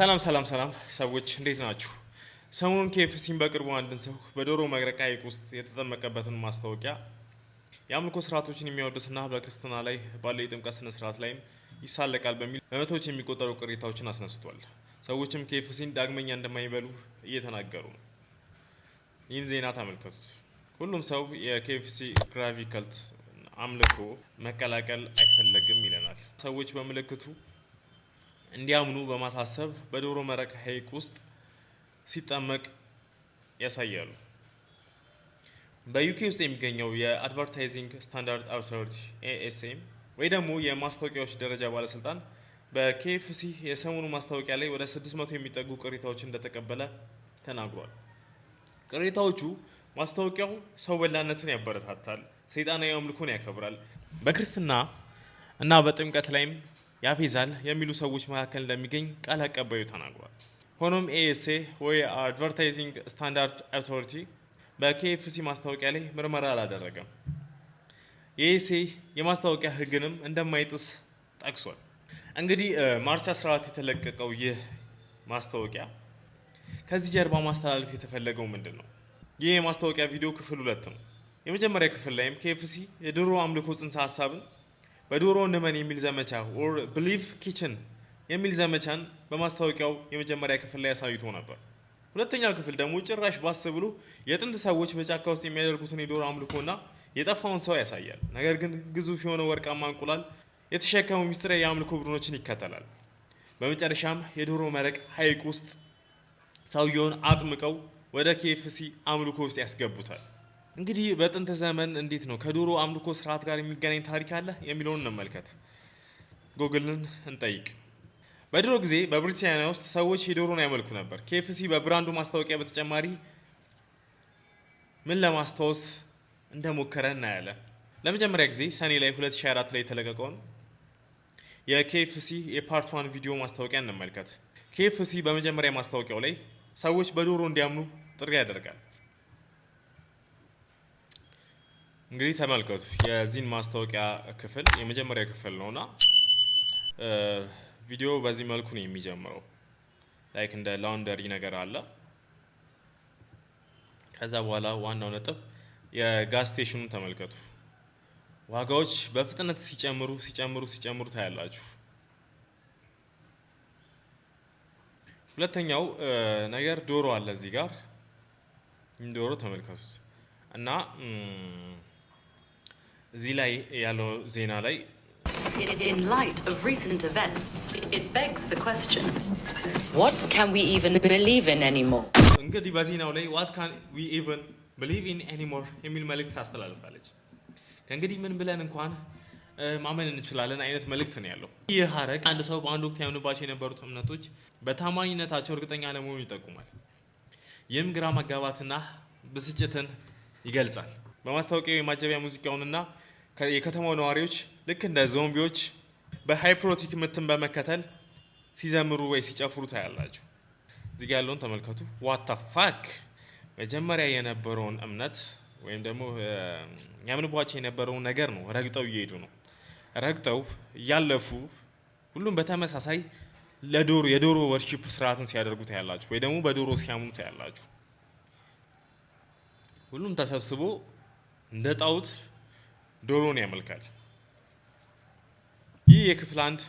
ሰላም ሰላም ሰላም ሰዎች እንዴት ናችሁ? ሰሞኑን ኬኤፍሲን በቅርቡ አንድን ሰው በዶሮ መቅረቃ ሐይቅ ውስጥ የተጠመቀበትን ማስታወቂያ የአምልኮ ስርዓቶችን የሚያወድስና በክርስትና ላይ ባለው የጥምቀት ስነ ስርዓት ላይም ይሳለቃል በሚል በመቶዎች የሚቆጠሩ ቅሬታዎችን አስነስቷል። ሰዎችም ኬኤፍሲን ዳግመኛ እንደማይበሉ እየተናገሩ ነው። ይህን ዜና ተመልከቱት። ሁሉም ሰው የኬኤፍሲ ግራቪ ከልት አምልኮ መቀላቀል አይፈለግም ይለናል። ሰዎች በምልክቱ እንዲያምኑ በማሳሰብ በዶሮ መረቅ ሐይቅ ውስጥ ሲጠመቅ ያሳያሉ። በዩኬ ውስጥ የሚገኘው የአድቨርታይዚንግ ስታንዳርድ አውቶሪቲ ኤኤስኤም ወይ ደግሞ የማስታወቂያዎች ደረጃ ባለስልጣን በኬኤፍሲ የሰሞኑ ማስታወቂያ ላይ ወደ 600 የሚጠጉ ቅሬታዎች እንደተቀበለ ተናግሯል። ቅሬታዎቹ ማስታወቂያው ሰው በላነትን ያበረታታል፣ ሰይጣናዊ አምልኮን ያከብራል፣ በክርስትና እና በጥምቀት ላይም ያፌዛል የሚሉ ሰዎች መካከል እንደሚገኝ ቃል አቀባዩ ተናግሯል። ሆኖም ኤኤስኤ ወይ አድቨርታይዚንግ ስታንዳርድ አውቶሪቲ በኬኤፍሲ ማስታወቂያ ላይ ምርመራ አላደረገም። የኤስ የማስታወቂያ ሕግንም እንደማይጥስ ጠቅሷል። እንግዲህ ማርች 14 የተለቀቀው ይህ ማስታወቂያ ከዚህ ጀርባ ማስተላለፍ የተፈለገው ምንድን ነው? ይህ የማስታወቂያ ቪዲዮ ክፍል ሁለት ነው። የመጀመሪያ ክፍል ላይም ኬኤፍሲ የድሮ አምልኮ ጽንሰ ሀሳብን በዶሮ እንመን የሚል ዘመቻ ኦር ብሊቭ ኪችን የሚል ዘመቻን በማስታወቂያው የመጀመሪያ ክፍል ላይ አሳይቶ ነበር። ሁለተኛው ክፍል ደግሞ ጭራሽ ባስ ብሎ የጥንት ሰዎች በጫካ ውስጥ የሚያደርጉትን የዶሮ አምልኮና የጠፋውን ሰው ያሳያል። ነገር ግን ግዙፍ የሆነ ወርቃማ እንቁላል የተሸከሙ ሚስጥራዊ የአምልኮ ቡድኖችን ይከተላል። በመጨረሻም የዶሮ መረቅ ሐይቅ ውስጥ ሰውየውን አጥምቀው ወደ ኬፍሲ አምልኮ ውስጥ ያስገቡታል። እንግዲህ በጥንት ዘመን እንዴት ነው ከዶሮ አምልኮ ስርዓት ጋር የሚገናኝ ታሪክ አለ የሚለውን እንመልከት። ጎግልን እንጠይቅ። በድሮ ጊዜ በብሪታንያ ውስጥ ሰዎች የዶሮን ያመልኩ ነበር። ኬኤፍሲ በብራንዱ ማስታወቂያ በተጨማሪ ምን ለማስታወስ እንደሞከረ እናያለን። ለመጀመሪያ ጊዜ ሰኔ ላይ 2004 ላይ የተለቀቀውን የኬኤፍሲ የፓርት ዋን ቪዲዮ ማስታወቂያ እንመልከት። ኬኤፍሲ በመጀመሪያ ማስታወቂያው ላይ ሰዎች በዶሮ እንዲያምኑ ጥሪ ያደርጋል። እንግዲህ ተመልከቱ የዚህን ማስታወቂያ ክፍል የመጀመሪያ ክፍል ነው ቪዲዮ በዚህ መልኩ ነው የሚጀምረው። ላይክ እንደ ላውንደሪ ነገር አለ። ከዛ በኋላ ዋናው ነጥብ የጋዝ ስቴሽኑን ተመልከቱ። ዋጋዎች በፍጥነት ሲጨምሩ ሲጨምሩ ሲጨምሩ ታያላችሁ። ሁለተኛው ነገር ዶሮ አለ እዚህ ጋር ዶሮ ተመልከቱት እና እዚህ ላይ ያለው ዜና ላይ እንግዲህ በዜናው ላይ ዋት ካን ዊ ኢቨን ብሊቭ ኢን ኤኒሞር የሚል መልእክት ታስተላልፋለች። ከእንግዲህ ምን ብለን እንኳን ማመን እንችላለን አይነት መልእክት ነው ያለው። ይህ ሀረግ አንድ ሰው በአንድ ወቅት ያምንባቸው የነበሩት እምነቶች በታማኝነታቸው እርግጠኛ ለመሆኑ ይጠቁማል። ይህም ግራ መጋባትና ብስጭትን ይገልጻል። በማስታወቂያው የማጀቢያ ሙዚቃውንና የከተማው ነዋሪዎች ልክ እንደ ዞምቢዎች በሃይፕሮቲክ ምትን በመከተል ሲዘምሩ ወይ ሲጨፍሩ ታያላችሁ። እዚጋ ያለውን ተመልከቱ። ዋታ ፋክ መጀመሪያ የነበረውን እምነት ወይም ደግሞ ያምንቧቸው የነበረውን ነገር ነው ረግጠው እየሄዱ ነው። ረግጠው እያለፉ ሁሉም በተመሳሳይ ለዶሮ የዶሮ ወርሺፕ ስርዓትን ሲያደርጉ ታያላችሁ፣ ወይ ደግሞ በዶሮ ሲያምኑ ታያላችሁ። ሁሉም ተሰብስቦ እንደ ጣዖት ዶሮን ያመልካል። ይህ የክፍል አንድ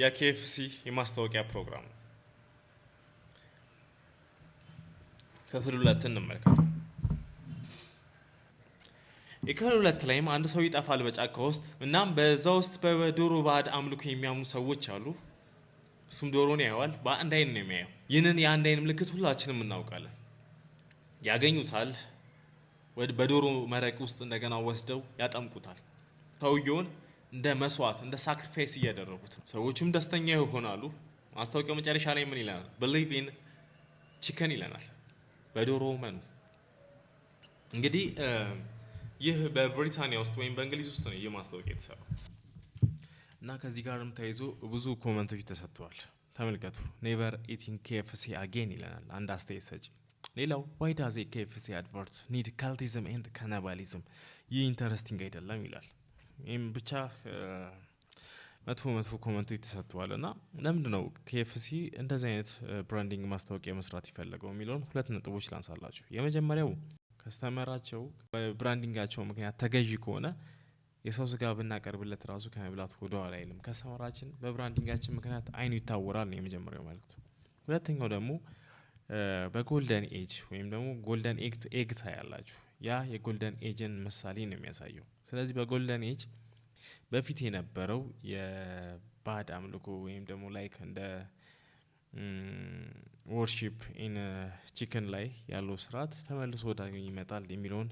የኬኤፍሲ የማስታወቂያ ፕሮግራም ነው። ክፍል ሁለት እንመልከት። የክፍል ሁለት ላይም አንድ ሰው ይጠፋል በጫካ ውስጥ። እናም በዛ ውስጥ በዶሮ ባዕድ አምልኮ የሚያምኑ ሰዎች አሉ። እሱም ዶሮን ያየዋል። በአንድ አይን ነው የሚያየው። ይህንን የአንድ አይን ምልክት ሁላችንም እናውቃለን። ያገኙታል በዶሮ መረቅ ውስጥ እንደገና ወስደው ያጠምቁታል። ሰውየውን እንደ መስዋዕት እንደ ሳክሪፋይስ እያደረጉት ሰዎችም ደስተኛ ይሆናሉ። ማስታወቂያው መጨረሻ ላይ ምን ይለናል? ብሊቭ ኢን ቺከን ይለናል። በዶሮ መኑ እንግዲህ ይህ በብሪታንያ ውስጥ ወይም በእንግሊዝ ውስጥ ነው ይህ ማስታወቂያ የተሰራው እና ከዚህ ጋርም ተያይዞ ብዙ ኮመንቶች ተሰጥተዋል። ተመልከቱ። ኔቨር ኢቲንግ ኬኤፍሲ አጌን ይለናል አንድ አስተያየት ሰጪ ሌላው ዋይ ዳዝ ኬኤፍሲ አድቨርት ኒድ ካልቲዝም ኤንድ ካናባሊዝም ይህ ኢንተረስቲንግ አይደለም ይላል። ይህም ብቻ መጥፎ መጥፎ ኮመንቱ ተሰጥተዋል። እና ለምንድ ነው ኬኤፍሲ እንደዚህ አይነት ብራንዲንግ ማስታወቂያ መስራት ይፈለገው የሚለውን ሁለት ነጥቦች ላንሳላችሁ። የመጀመሪያው ከስተመራቸው ብራንዲንጋቸው ምክንያት ተገዢ ከሆነ የሰው ስጋ ብናቀርብለት ራሱ ከመብላት ወደኋላ አይልም። ከስተመራችን በብራንዲንጋችን ምክንያት አይኑ ይታወራል ነው የመጀመሪያው መልእክቱ። ሁለተኛው ደግሞ በጎልደን ኤጅ ወይም ደግሞ ጎልደን ኤግ ታያላችሁ። ያ የጎልደን ኤጅን ምሳሌ ነው የሚያሳየው። ስለዚህ በጎልደን ኤጅ በፊት የነበረው የባዕድ አምልኮ ወይም ደግሞ ላይክ እንደ ወርሺፕ ኢን ቺክን ላይ ያለው ስርዓት ተመልሶ ወዳገኝ ይመጣል የሚለውን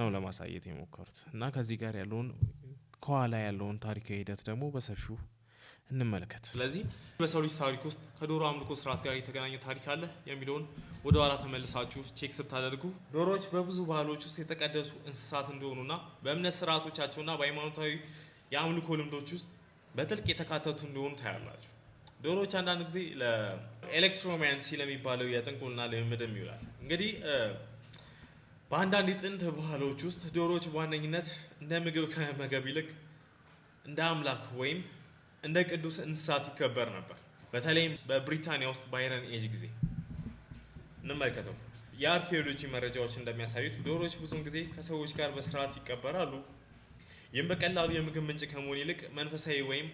ነው ለማሳየት የሞከሩት እና ከዚህ ጋር ያለውን ከኋላ ያለውን ታሪካዊ ሂደት ደግሞ በሰፊው እንመለከት። ስለዚህ በሰው ልጅ ታሪክ ውስጥ ከዶሮ አምልኮ ስርዓት ጋር የተገናኘ ታሪክ አለ የሚለውን ወደ ኋላ ተመልሳችሁ ቼክ ስታደርጉ ዶሮዎች በብዙ ባህሎች ውስጥ የተቀደሱ እንስሳት እንደሆኑና በእምነት ስርዓቶቻቸውና በሃይማኖታዊ የአምልኮ ልምዶች ውስጥ በጥልቅ የተካተቱ እንደሆኑ ታያላችሁ። ዶሮዎች አንዳንድ ጊዜ ለኤሌክትሮማንሲ ለሚባለው የጥንቁልና ልምምድም ይውላል። እንግዲህ በአንዳንድ የጥንት ባህሎች ውስጥ ዶሮዎች በዋነኝነት እንደ ምግብ ከመገብ ይልቅ እንደ አምላክ ወይም እንደ ቅዱስ እንስሳት ይከበር ነበር። በተለይም በብሪታንያ ውስጥ በአይረን ኤጅ ጊዜ እንመልከተው። የአርኪኦሎጂ መረጃዎች እንደሚያሳዩት ዶሮዎች ብዙውን ጊዜ ከሰዎች ጋር በስርዓት ይቀበራሉ። ይህም በቀላሉ የምግብ ምንጭ ከመሆን ይልቅ መንፈሳዊ ወይም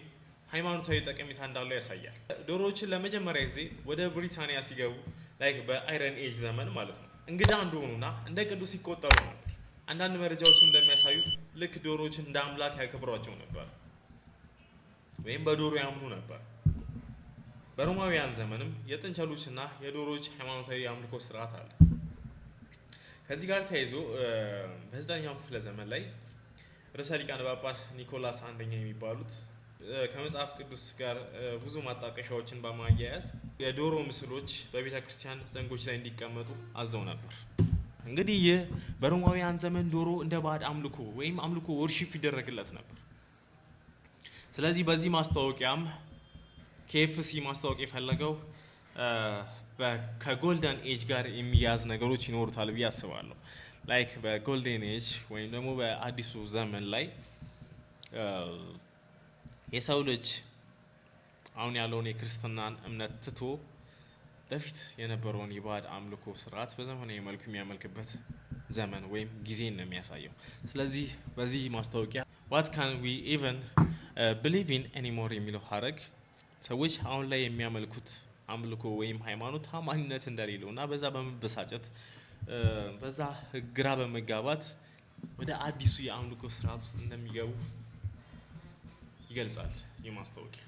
ሃይማኖታዊ ጠቀሜታ እንዳለው ያሳያል። ዶሮዎችን ለመጀመሪያ ጊዜ ወደ ብሪታንያ ሲገቡ ላይ በአይረን ኤጅ ዘመን ማለት ነው እንግዳ እንደሆኑና እንደ ቅዱስ ይቆጠሩ ነበር። አንዳንድ መረጃዎች እንደሚያሳዩት ልክ ዶሮዎችን እንደ አምላክ ያከብሯቸው ነበር። ወይም በዶሮ ያምኑ ነበር። በሮማውያን ዘመንም የጥንቸሎችና የዶሮዎች ሃይማኖታዊ የአምልኮ ስርዓት አለ። ከዚህ ጋር ተያይዞ በዘጠነኛው ክፍለ ዘመን ላይ ርዕሰ ሊቃነ ጳጳስ ኒኮላስ አንደኛ የሚባሉት ከመጽሐፍ ቅዱስ ጋር ብዙ ማጣቀሻዎችን በማያያዝ የዶሮ ምስሎች በቤተ ክርስቲያን ዘንጎች ላይ እንዲቀመጡ አዘው ነበር። እንግዲህ ይህ በሮማውያን ዘመን ዶሮ እንደ ባዕድ አምልኮ ወይም አምልኮ ወርሺፕ ይደረግለት ነበር። ስለዚህ በዚህ ማስታወቂያም ኬኤፍሲ ማስታወቂያ የፈለገው ከጎልደን ኤጅ ጋር የሚያዝ ነገሮች ይኖሩታል ብዬ አስባለሁ። ላይክ በጎልደን ኤጅ ወይም ደግሞ በአዲሱ ዘመን ላይ የሰው ልጅ አሁን ያለውን የክርስትናን እምነት ትቶ በፊት የነበረውን የባዕድ አምልኮ ስርዓት በዘመናዊ መልኩ የሚያመልክበት ዘመን ወይም ጊዜን ነው የሚያሳየው። ስለዚህ በዚህ ማስታወቂያ ዋት ካን ዊ ኢቨን ብሊቪን uh, ኤኒሞር የሚለው ሀረግ ሰዎች አሁን ላይ የሚያመልኩት አምልኮ ወይም ሃይማኖት ታማኝነት እንደሌለው እና በዛ በመበሳጨት uh, በዛ ግራ በመጋባት ወደ አዲሱ የአምልኮ ስርዓት ውስጥ እንደሚገቡ ይገልጻል። ይህ ማስታወቂያ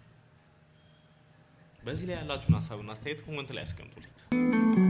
በዚህ ላይ ያላችሁን ሀሳብና አስተያየት ኮመንት ላይ ያስቀምጡልኝ።